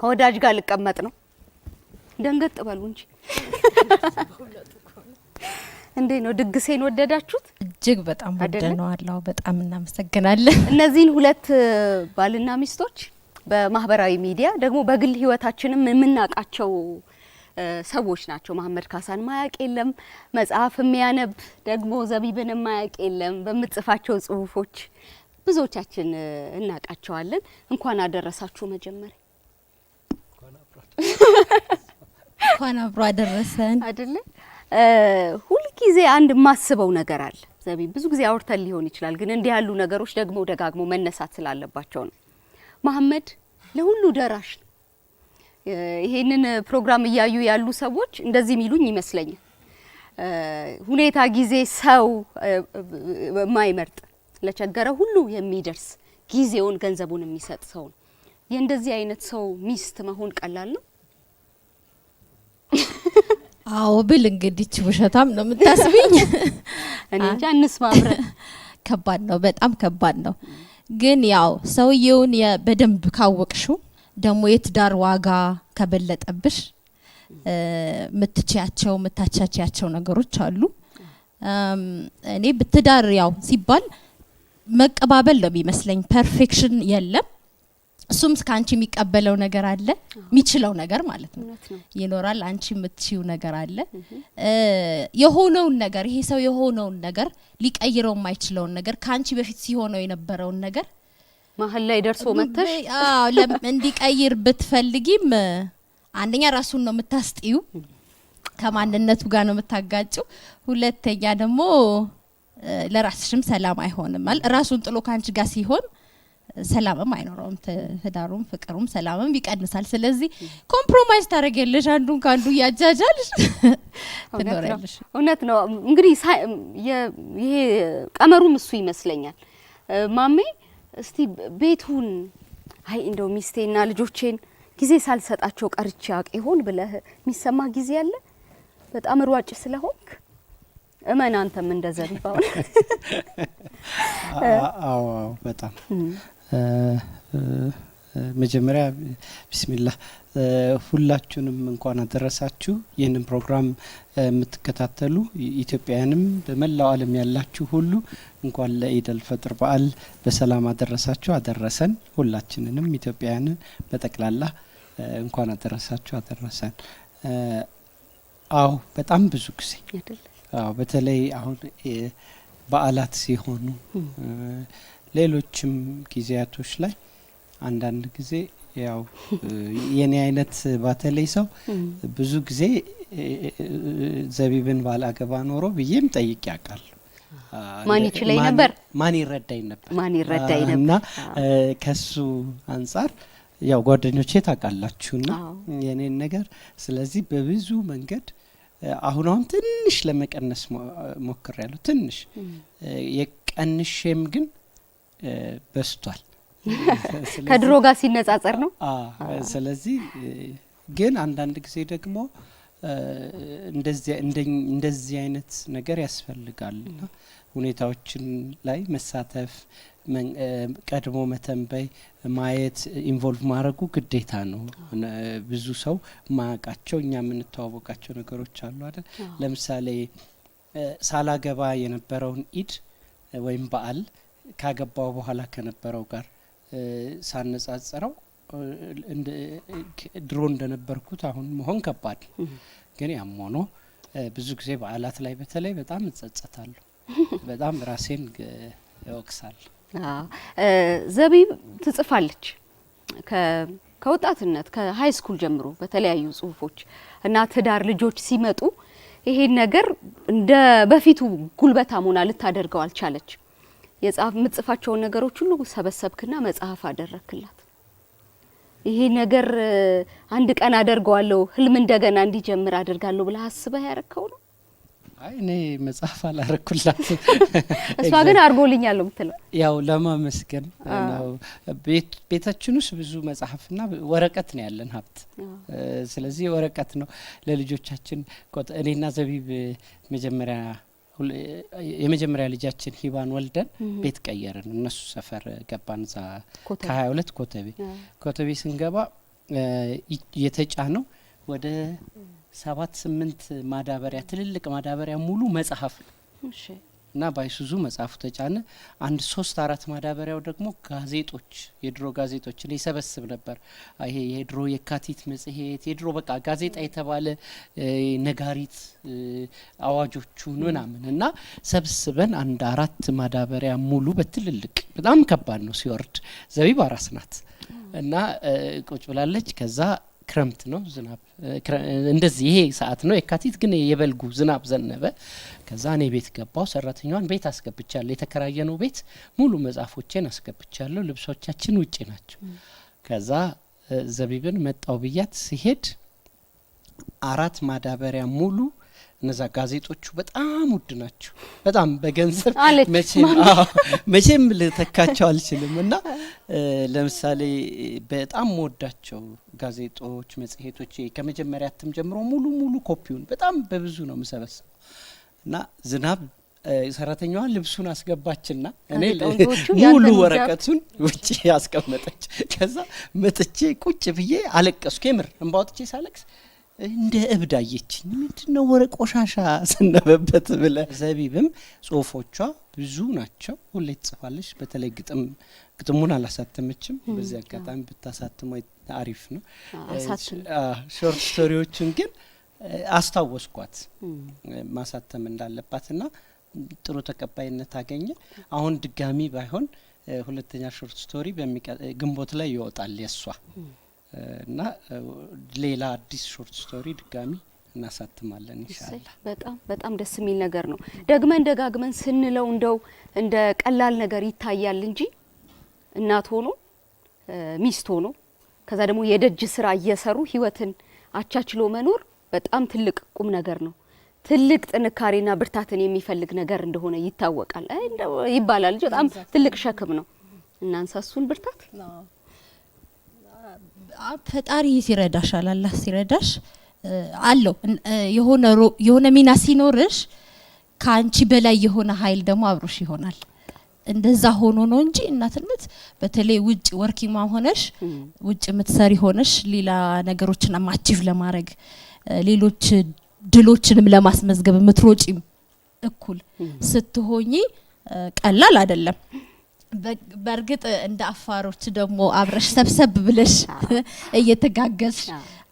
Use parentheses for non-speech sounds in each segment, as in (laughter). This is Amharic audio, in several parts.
ከወዳጅ ጋር ልቀመጥ ነው። ደንገጥ በሉ እንጂ እንዴ ነው ድግሴን ወደዳችሁት? እጅግ በጣም አላው። በጣም እናመሰግናለን። (laughs) እነዚህን ሁለት ባልና ሚስቶች በማህበራዊ ሚዲያ ደግሞ በግል ህይወታችንም የምናውቃቸው ሰዎች ናቸው። መሀመድ ካሳን ማያቅ የለም፣ መጽሐፍ የሚያነብ ደግሞ ዘቢብን ማያቅ የለም። በምትጽፋቸው ጽሁፎች ብዙዎቻችን እናውቃቸዋለን። እንኳን አደረሳችሁ መጀመሪያ እንኳን አብሮ አደረሰን አይደለ? ሁልጊዜ አንድ የማስበው ነገር አለ ዘቢ። ብዙ ጊዜ አውርተን ሊሆን ይችላል፣ ግን እንዲህ ያሉ ነገሮች ደግሞ ደጋግሞ መነሳት ስላለባቸው ነው። መሀመድ ለሁሉ ደራሽ ነው። ይሄንን ፕሮግራም እያዩ ያሉ ሰዎች እንደዚህ የሚሉኝ ይመስለኛል። ሁኔታ፣ ጊዜ፣ ሰው የማይመርጥ ለቸገረ ሁሉ የሚደርስ ጊዜውን፣ ገንዘቡን የሚሰጥ ሰው ነው። የእንደዚህ አይነት ሰው ሚስት መሆን ቀላል ነው? አዎ ብል እንግዲህ ውሸታም ነው የምታስብኝ (laughs) እኔ እንጃ እንስማምረ (laughs) ከባድ ነው፣ በጣም ከባድ ነው። ግን ያው ሰውየውን በደንብ ካወቅሹ ደግሞ የትዳር ዋጋ ከበለጠብሽ ምትችያቸው ምታቻቻቸው ነገሮች አሉ። እኔ ብትዳር ያው ሲባል መቀባበል ነው የሚመስለኝ። ፐርፌክሽን የለም እሱም ከአንቺ የሚቀበለው ነገር አለ፣ የሚችለው ነገር ማለት ነው ይኖራል። አንቺ የምትችው ነገር አለ። የሆነውን ነገር ይሄ ሰው የሆነውን ነገር ሊቀይረው የማይችለውን ነገር ከአንቺ በፊት ሲሆነው የነበረውን ነገር መሀል ላይ ደርሶ መተሽ እንዲቀይር ብትፈልጊም አንደኛ ራሱን ነው የምታስጥዩ፣ ከማንነቱ ጋር ነው የምታጋጭው። ሁለተኛ ደግሞ ለራስሽም ሰላም አይሆንም ማለት ራሱን ጥሎ ከአንቺ ጋር ሲሆን ሰላምም አይኖረውም። ትዳሩም ፍቅሩም ሰላምም ይቀንሳል። ስለዚህ ኮምፕሮማይዝ ታደረግያለሽ፣ አንዱን ከአንዱ እያጃጃልሽ (laughs) ትኖሪያለሽ። እውነት ነው። እንግዲህ ይሄ ቀመሩም እሱ ይመስለኛል። ማሜ እስቲ ቤቱን አይ እንደው ሚስቴና ልጆቼን ጊዜ ሳልሰጣቸው ቀርቼ አውቅ ይሆን ብለህ የሚሰማ ጊዜ አለ። በጣም ሯጭ ስለሆንክ እመን አንተም እንደዘሪባውን። (laughs) አዎ በጣም መጀመሪያ ብስሚላ ሁላችሁንም እንኳን አደረሳችሁ። ይህንን ፕሮግራም የምትከታተሉ ኢትዮጵያውያንም በመላው ዓለም ያላችሁ ሁሉ እንኳን ለኢደል ፈጥር በዓል በሰላም አደረሳችሁ አደረሰን። ሁላችንንም ኢትዮጵያውያንን በጠቅላላ እንኳን አደረሳችሁ አደረሰን። አዎ በጣም ብዙ ጊዜ በተለይ አሁን በዓላት ሲሆኑ ሌሎችም ጊዜያቶች ላይ አንዳንድ ጊዜ ያው የኔ አይነት ባተለይ ሰው ብዙ ጊዜ ዘቢብን ባላገባ ኖሮ ብዬም ጠይቅ ያውቃል። ማን ይችለኝ ነበር፣ ማን ይረዳኝ ነበር፣ ማን ይረዳኝ ነበር እና ከሱ አንጻር ያው ጓደኞቼ ታውቃላችሁና የኔን ነገር ስለዚህ በብዙ መንገድ አሁን አሁን ትንሽ ለመቀነስ ሞክሬያለሁ። ትንሽ የቀንሼም ግን በስቷል (laughs) ከድሮ ጋር ሲነጻጸር ነው። ስለዚህ ግን አንዳንድ ጊዜ ደግሞ እንደዚህ አይነት ነገር ያስፈልጋል ሁኔታዎችን ላይ መሳተፍ፣ ቀድሞ መተንበይ፣ ማየት፣ ኢንቮልቭ ማድረጉ ግዴታ ነው። ብዙ ሰው ማያውቃቸው እኛ የምንተዋወቃቸው ነገሮች አሉ አይደል? ለምሳሌ ሳላገባ የነበረውን ኢድ ወይም በዓል ካገባው በኋላ ከነበረው ጋር ሳነጻጸረው ድሮ እንደነበርኩት አሁን መሆን ከባድ ግን ያም ሆኖ ብዙ ጊዜ በዓላት ላይ በተለይ በጣም እጸጸታለሁ። በጣም ራሴን እወቅሳለሁ። ዘቢብ ትጽፋለች ከወጣትነት ከሀይ ስኩል ጀምሮ በተለያዩ ጽሁፎች እና ትዳር ልጆች ሲመጡ ይሄን ነገር እንደ በፊቱ ጉልበታም ሆና ልታደርገው አልቻለች። የምጽፋቸውን ነገሮች ሁሉ ሰበሰብክና መጽሐፍ አደረክላት። ይሄ ነገር አንድ ቀን አደርገዋለሁ ህልም እንደገና እንዲጀምር አደርጋለሁ ብለህ አስበህ ያረከው ነው? አይ እኔ መጽሐፍ አላረኩላት፣ (laughs) እሷ ግን አድርጎልኛል ነው ያው ለማመስገን ቤታችን ውስጥ ብዙ መጽሐፍና ወረቀት ነው ያለን ሀብት። ስለዚህ ወረቀት ነው ለልጆቻችን እኔና ዘቢብ መጀመሪያ የመጀመሪያ ልጃችን ሂባን ወልደን ቤት ቀየርን። እነሱ ሰፈር ገባን። ዛ ከሀያ ሁለት ኮተቤ ኮተቤ ስንገባ የተጫነው ወደ ሰባት ስምንት ማዳበሪያ ትልልቅ ማዳበሪያ ሙሉ መጽሐፍ ነው እና ባይሱዙ መጽሐፉ ተጫነ። አንድ ሶስት አራት ማዳበሪያው ደግሞ ጋዜጦች፣ የድሮ ጋዜጦችን ይሰበስብ ነበር። ይሄ የድሮ የካቲት መጽሔት፣ የድሮ በቃ ጋዜጣ የተባለ ነጋሪት፣ አዋጆቹን ምናምን እና ሰብስበን አንድ አራት ማዳበሪያ ሙሉ በትልልቅ በጣም ከባድ ነው ሲወርድ። ዘቢብ አራስ ናት እና ቁጭ ብላለች ከዛ ክረምት ነው ዝናብ እንደዚህ ይሄ ሰዓት ነው የካቲት ግን የበልጉ ዝናብ ዘነበ። ከዛ እኔ ቤት ገባው። ሰራተኛዋን ቤት አስገብቻለሁ። የተከራየነው ቤት ሙሉ መጽሐፎቼን አስገብቻለሁ። ልብሶቻችን ውጪ ናቸው። ከዛ ዘቢብን መጣው ብያት ሲሄድ አራት ማዳበሪያ ሙሉ እነዛ ጋዜጦቹ በጣም ውድ ናቸው። በጣም በገንዘብ መቼም ልተካቸው አልችልም። እና ለምሳሌ በጣም መወዳቸው ጋዜጦች፣ መጽሔቶች ከመጀመሪያ እትም ጀምሮ ሙሉ ሙሉ ኮፒውን በጣም በብዙ ነው የምሰበስበው እና ዝናብ ሰራተኛዋ ልብሱን አስገባችና እኔ ሙሉ ወረቀቱን ውጭ ያስቀመጠች። ከዛ መጥቼ ቁጭ ብዬ አለቀስኩ። የምር እንባ ወጥቼ ሳለቅስ እንደ እብድ አየችኝ። ምንድን ነው ወረ ቆሻሻ ስነበበት ብለ ዘቢብም ጽሁፎቿ ብዙ ናቸው፣ ሁሌ ትጽፋለች። በተለይ ግጥም ግጥሙን አላሳተመችም። በዚህ አጋጣሚ ብታሳትመው አሪፍ ነው። ሾርት ስቶሪዎችን ግን አስታወስኳት ማሳተም እንዳለባትና ጥሩ ተቀባይነት አገኘ። አሁን ድጋሚ ባይሆን ሁለተኛ ሾርት ስቶሪ ግንቦት ላይ ይወጣል የእሷ እና ሌላ አዲስ ሾርት ስቶሪ ድጋሚ እናሳትማለን በጣም በጣም ደስ የሚል ነገር ነው። ደግመን ደጋግመን ስንለው እንደው እንደ ቀላል ነገር ይታያል እንጂ እናት ሆኖ ሚስት ሆኖ ከዛ ደግሞ የደጅ ስራ እየሰሩ ህይወትን አቻችሎ መኖር በጣም ትልቅ ቁም ነገር ነው። ትልቅ ጥንካሬና ብርታትን የሚፈልግ ነገር እንደሆነ ይታወቃል ይባላል። በጣም ትልቅ ሸክም ነው። እናንሳሱን ብርታት ፈጣሪ ሲረዳሽ አላህ ሲረዳሽ አለው የሆነ ሚና ሲኖርሽ ከአንቺ በላይ የሆነ ሀይል ደግሞ አብሮሽ ይሆናል። እንደዛ ሆኖ ነው እንጂ እናትነት በተለይ ውጭ ወርኪንግ ማም ሆነሽ ውጭ የምትሰሪ ሆነሽ ሌላ ነገሮችን አማቺቭ ለማድረግ ሌሎች ድሎችንም ለማስመዝገብ የምትሮጪም እኩል ስትሆኚ ቀላል አይደለም። በእርግጥ እንደ አፋሮች ደግሞ አብረሽ ሰብሰብ ብለሽ እየተጋገዝ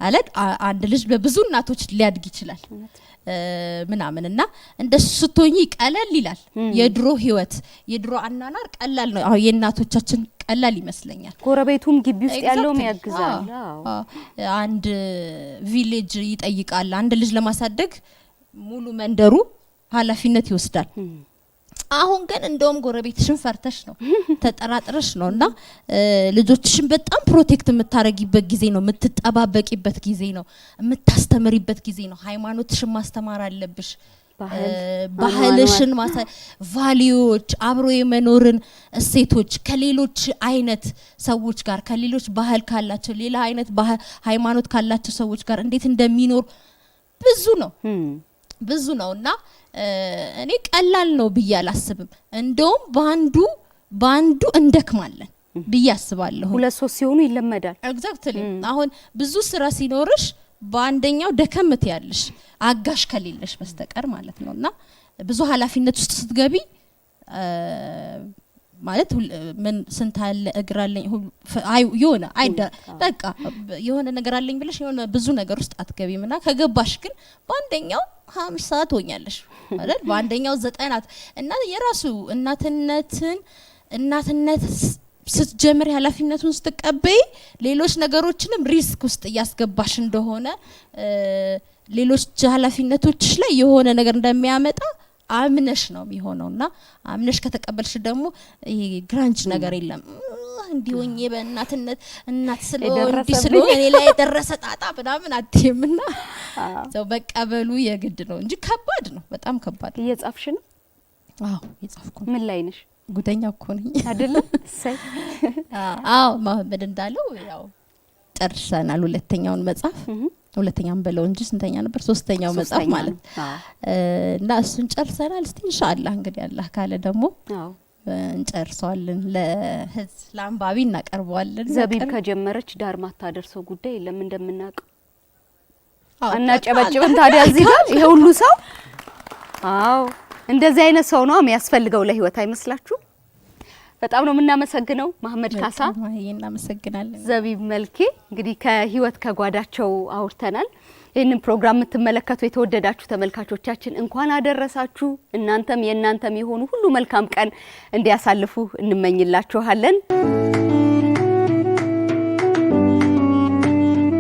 አለት አንድ ልጅ በብዙ እናቶች ሊያድግ ይችላል ምናምን እና እንደ ስቶኝ ቀለል ይላል። የድሮ ህይወት የድሮ አናናር ቀላል ነው። አሁን የእናቶቻችን ቀላል ይመስለኛል። ጎረቤቱም ግቢ ውስጥ ያለውም ያግዛል። አንድ ቪሌጅ ይጠይቃል። አንድ ልጅ ለማሳደግ ሙሉ መንደሩ ኃላፊነት ይወስዳል። አሁን ግን እንደውም ጎረቤትሽን ፈርተሽ ነው ተጠራጥረሽ ነው እና ልጆችሽን በጣም ፕሮቴክት የምታረጊበት ጊዜ ነው፣ የምትጠባበቂበት ጊዜ ነው፣ የምታስተምሪበት ጊዜ ነው። ሃይማኖትሽን ማስተማር አለብሽ። ባህልሽን ማሳ ቫሊዩዎች አብሮ የመኖርን እሴቶች ከሌሎች አይነት ሰዎች ጋር ከሌሎች ባህል ካላቸው ሌላ አይነት ሃይማኖት ካላቸው ሰዎች ጋር እንዴት እንደሚኖር ብዙ ነው። ብዙ ነው እና እኔ ቀላል ነው ብዬ አላስብም። እንደውም በአንዱ በአንዱ እንደክማለን ብዬ አስባለሁ። ሁለት ሶስት ሲሆኑ ይለመዳል። ኤግዛክትሊ አሁን ብዙ ስራ ሲኖርሽ በአንደኛው ደከምት ያለሽ አጋሽ ከሌለሽ በስተቀር ማለት ነው እና ብዙ ኃላፊነት ውስጥ ስትገቢ ማለት ምን ስንት አለ እግር አለኝ የሆነ አይደ በቃ የሆነ ነገር አለኝ ብለሽ የሆነ ብዙ ነገር ውስጥ አትገቢም። እና ከገባሽ ግን በአንደኛው ሰዓት ሆኛለሽ ማለት በአንደኛው ዘጠናት እና የራሱ እናትነትን እናትነት ስትጀምር ኃላፊነቱን ስትቀበይ ሌሎች ነገሮችንም ሪስክ ውስጥ እያስገባሽ እንደሆነ ሌሎች ኃላፊነቶችሽ ላይ የሆነ ነገር እንደሚያመጣ አምነሽ ነው የሚሆነው እና አምነሽ ከተቀበልሽ ደግሞ ግራንጅ ነገር የለም። እንዲሆኝ በእናትነት እናት ስለእንዲ ስለ እኔ ላይ የደረሰ ጣጣ ምናምን አትይም ና ሰው መቀበሉ የግድ ነው እንጂ ከባድ ነው፣ በጣም ከባድ እየጻፍሽ ነው? አዎ እየጻፍኩ ነው። ምን ላይ ነሽ? ጉደኛ እኮ ነኝ አይደለም? (laughs) አዎ ማህመድ እንዳለው ያው ጨርሰናል ሁለተኛውን መጽሐፍ ሁለተኛም በለው እንጂ ስንተኛ ነበር? ሶስተኛው መጽሐፍ ማለት እና እሱን ጨርሰናል። እስቲ እንሻላ እንግዲህ አላህ ካለ ደግሞ እንጨርሰዋለን ለህዝብ ለአንባቢ እናቀርበዋለን። ዘቢብ ከጀመረች ዳር ማታደርሰው ጉዳይ የለም እንደምናውቀው። አናጨበጭብም ታዲያ እዚህ ጋር ይሄ ሁሉ ሰው። አዎ እንደዚህ አይነት ሰው ነው የሚያስፈልገው ለህይወት አይመስላችሁ? በጣም ነው የምናመሰግነው መሀመድ ካሳ። እናመሰግናለን። ዘቢብ መልኬ እንግዲህ ከህይወት ከጓዳቸው አውርተናል። ይህንን ፕሮግራም የምትመለከቱ የተወደዳችሁ ተመልካቾቻችን እንኳን አደረሳችሁ። እናንተም የእናንተም የሆኑ ሁሉ መልካም ቀን እንዲያሳልፉ እንመኝላችኋለን።